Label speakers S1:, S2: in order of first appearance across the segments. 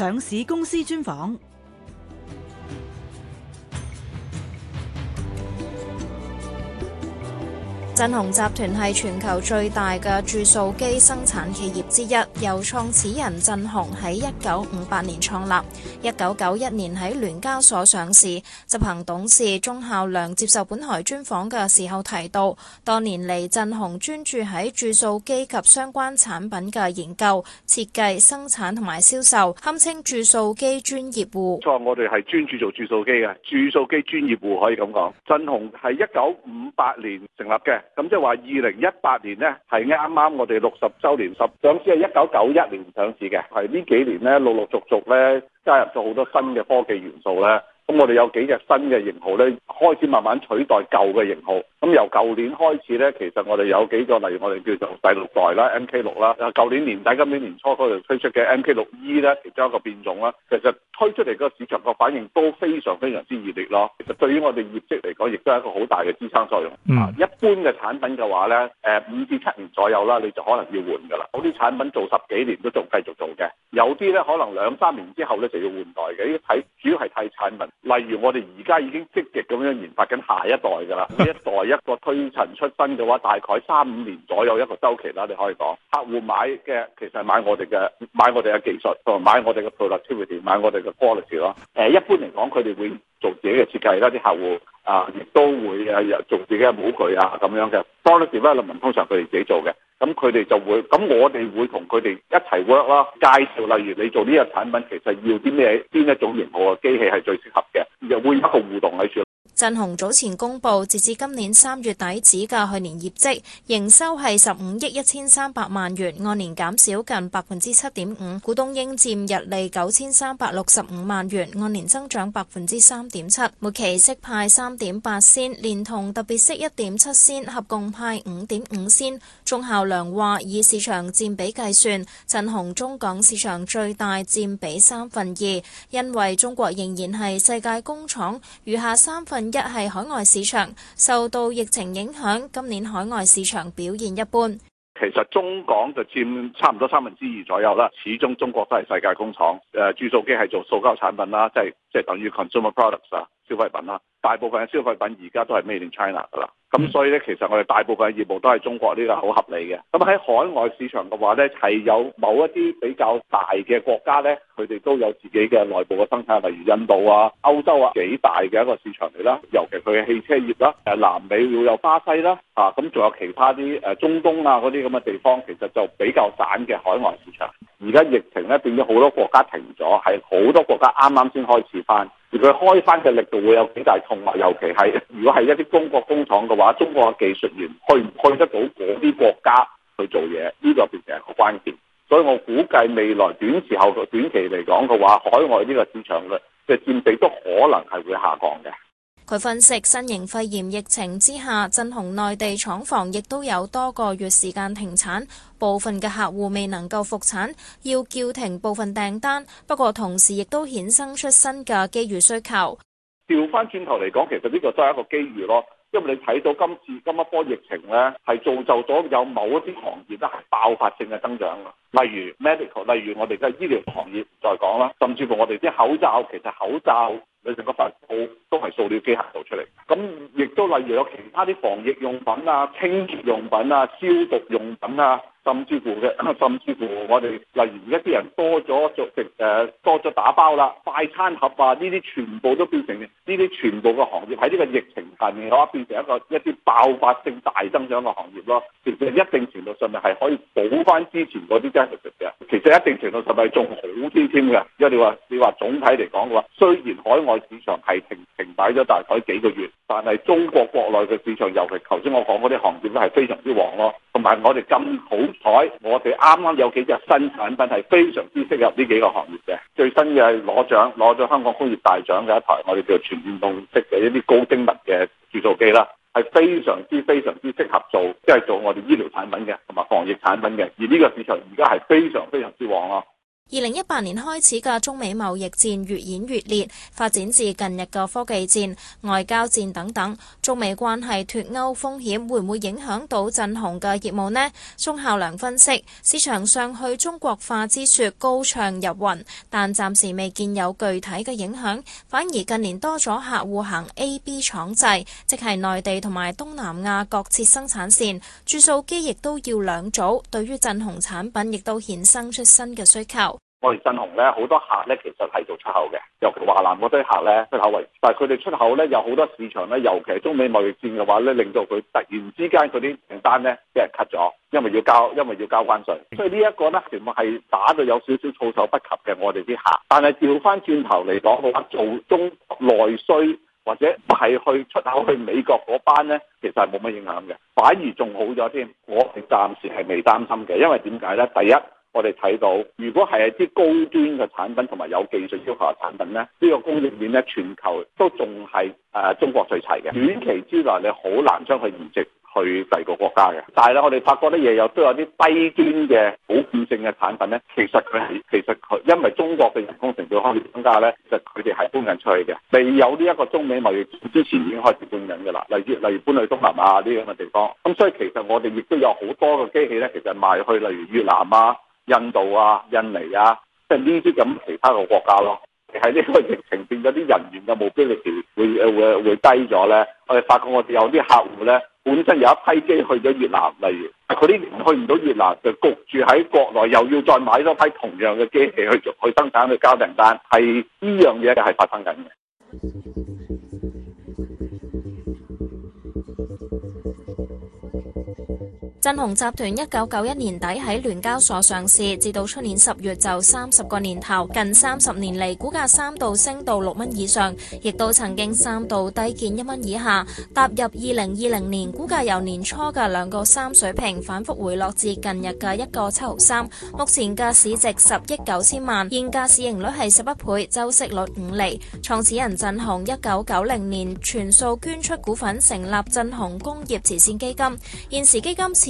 S1: 上市公司專訪。震雄集團係全球最大嘅注塑機生產企業之一，由創始人震雄喺一九五八年創立，一九九一年喺聯交所上市。執行董事鍾效良接受本台專訪嘅時候提到，多年嚟震雄專注喺注塑機及相關產品嘅研究、設計、生產同埋銷售，堪稱注塑機專業戶。冇
S2: 錯，我哋係專注做注塑機嘅，注塑機專業戶可以咁講。震雄係一九五八年成立嘅。咁即係話，二零一八年呢係啱啱我哋六十週年，十上市係一九九一年上市嘅，係呢幾年呢陸陸續續呢加入咗好多新嘅科技元素呢。咁我哋有幾隻新嘅型號咧，開始慢慢取代舊嘅型號。咁由舊年開始咧，其實我哋有幾個，例如我哋叫做第六代啦，MK6 啦，啊，舊年年底、今年年初嗰度推出嘅 MK6E 咧，亦都有一個變種啦。其實推出嚟個市場個反應都非常非常之熱烈咯。其實對於我哋業績嚟講，亦都係一個好大嘅支撐作用。啊，mm. 一般嘅產品嘅話咧，誒，五至七年左右啦，你就可能要換噶啦。嗰啲產品做十幾年都仲繼續做嘅。有啲咧可能兩三年之後咧就要換代嘅，要睇主要係睇產品。例如我哋而家已經積極咁樣研發緊下一代噶啦， 呢一代一個推陳出新嘅話，大概三五年左右一個週期啦。你可以講，客戶買嘅其實係買我哋嘅買我哋嘅技術，買我哋嘅 productivity，買我哋嘅 quality 咯。誒，一般嚟講，佢哋會做自己嘅設計啦，啲客戶。啊，亦都會啊，做自己嘅模具啊咁樣嘅。多數時咧，阿民通常佢哋自己做嘅，咁佢哋就會，咁我哋會同佢哋一齊 work 啦、啊。介紹例如你做呢個產品，其實要啲咩，邊一種型號嘅機器係最適合嘅，又會一個互動喺處。
S1: 振鴻早前公布，截至今年三月底，指教去年業績營收係十五億一千三百萬元，按年減少近百分之七點五，股東應占日利九千三百六十五萬元，按年增長百分之三點七，每期息派三點八仙，連同特別息一點七仙，合共派五點五仙。鍾孝良話，以市場占比計算，振鴻中港市場最大占比三分二，因為中國仍然係世界工廠，餘下三分一係海外市場受到疫情影響，今年海外市場表現一般。
S2: 其實中港就佔差唔多三分之二左右啦。始終中國都係世界工廠，誒，注塑機係做塑膠產品啦，即係即係等於 consumer products 啊，消費品啦。大部分嘅消費品而家都係 made in China 㗎啦。咁所以咧，其實我哋大部分業務都係中國，呢個好合理嘅。咁喺海外市場嘅話咧，係有某一啲比較大嘅國家咧，佢哋都有自己嘅內部嘅生產，例如印度啊、歐洲啊幾大嘅一個市場嚟啦。尤其佢嘅汽車業啦，誒，南美要有巴西啦，啊咁仲有其他啲誒中東啊嗰啲咁嘅地方，其實就比較散嘅海外市場。而家疫情咧，變咗好多國家停咗，係好多國家啱啱先開始翻，而佢開翻嘅力度會有幾大痛嘛？尤其係如果係一啲中國工廠嘅話，中國嘅技術員去唔去得到嗰啲國家去做嘢，呢個變成一個關鍵。所以我估計未來短時後短期嚟講嘅話，海外呢個市場嘅嘅佔比都可能係會下降嘅。
S1: 佢分析新型肺炎疫情之下，震雄內地廠房亦都有多個月時間停產，部分嘅客戶未能夠復產，要叫停部分訂單。不過同時亦都衍生出新嘅機遇需求。
S2: 調翻轉頭嚟講，其實呢個都係一個機遇咯，因為你睇到今次今一波疫情咧，係造就咗有某一啲行業都係爆發性嘅增長，例如 medical，例如我哋嘅醫療行業再講啦，甚至乎我哋啲口罩，其實口罩。裏邊個布料都係塑料機械造出嚟，咁亦都例如有其他啲防疫用品啊、清潔用品啊、消毒用品啊。 甚至乎嘅，甚至乎我哋例如一啲人多咗著食，誒多咗打包啦，快餐盒啊呢啲全部都變成呢啲全部嘅行業喺呢個疫情下面嘅話，變成一個一啲爆發性大增長嘅行業咯。其實一定程度上面係可以補翻之前嗰啲 just 食嘅，其實一定程度上面仲好啲添嘅，因為你話你話總體嚟講嘅話，雖然海外市場係停停擺咗大概幾個月，但係中國國內嘅市場，尤其頭先我講嗰啲行業都係非常之旺咯，同埋我哋咁好。台我哋啱啱有幾隻新產品係非常之適合呢幾個行業嘅，最新嘅係攞獎，攞咗香港工業大獎嘅一台，我哋叫全電動式嘅一啲高精密嘅注塑機啦，係非常之非常之適合做即係、就是、做我哋醫療產品嘅，同埋防疫產品嘅，而呢個市場而家係非常非常之旺
S1: 咯。二零一八年開始嘅中美貿易戰越演越烈，發展至近日嘅科技戰、外交戰等等，中美關係脱歐風險會唔會影響到震雄嘅業務呢？鍾效良分析，市場上去中國化之說高唱入雲，但暫時未見有具體嘅影響，反而近年多咗客戶行 A B 廠制，即係內地同埋東南亞各設生產線，注塑機亦都要兩組，對於震雄產品亦都衍生出新嘅需求。
S2: 我哋震雄咧，好多客咧，其實係做出口嘅，尤其華南嗰堆客咧，出口為主。但係佢哋出口咧，有好多市場咧，尤其中美貿易戰嘅話咧，令到佢突然之間佢啲訂單咧俾人 cut 咗，因為要交，因為要交關稅。所以呢一個咧，全部係打到有少少措手不及嘅我哋啲客。但係調翻轉頭嚟講，我做中內需或者係去出口去美國嗰班咧，其實係冇乜影響嘅，反而仲好咗添。我哋暫時係未擔心嘅，因為點解咧？第一。我哋睇到，如果係一啲高端嘅產品同埋有，有技術要求嘅產品咧，呢、呢個工業鏈咧全球都仲係誒中國最齊嘅。短期之內你好難將佢移植去第二個國家嘅。但係咧，我哋發覺呢，亦有都有啲低端嘅補貼性嘅產品咧，其實佢其實佢因為中國嘅人工成本開始增加咧，其實佢哋係搬緊出去嘅。未有呢一個中美貿易之前已經開始搬緊㗎啦，例如例如搬去東南亞呢樣嘅地方。咁所以其實我哋亦都有好多嘅機器咧，其實賣去例如越南啊。印度啊、印尼啊，即係呢啲咁其他嘅國家咯。其實呢個疫情變咗，啲人員嘅目標力會會會低咗咧。我哋發覺我哋有啲客戶咧，本身有一批機去咗越南，例如佢啲去唔到越南，就焗住喺國內，又要再買多批同樣嘅機器去去生產去交訂單，係呢樣嘢係發生緊嘅。
S1: 振鴻集團一九九一年底喺聯交所上市，至到出年十月就三十個年頭，近三十年嚟，股價三度升到六蚊以上，亦都曾經三度低見一蚊以下。踏入二零二零年，股價由年初嘅兩個三水平反復回落至近日嘅一個七毫三。目前嘅市值十億九千萬，現價市盈率係十一倍，周息率五厘。創始人震雄一九九零年全數捐出股份成立震雄工業慈善基金，現時基金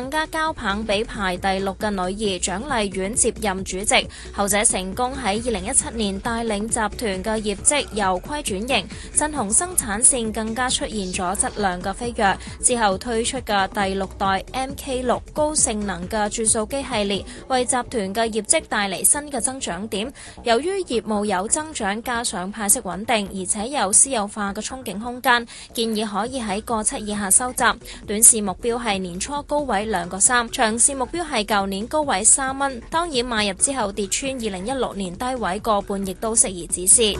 S1: 更加交棒俾排第六嘅女兒蔣麗苑接任主席，後者成功喺二零一七年帶領集團嘅業績由虧轉型，震雄生產線更加出現咗質量嘅飛躍。之後推出嘅第六代 MK 六高性能嘅注塑機系列，為集團嘅業績帶嚟新嘅增長點。由於業務有增長，加上派息穩定，而且有私有化嘅憧憬空間，建議可以喺個七以下收集，短線目標係年初高位。兩個三，長線目標係舊年高位三蚊。當然，買入之後跌穿二零一六年低位個半亦，亦都適宜止蝕。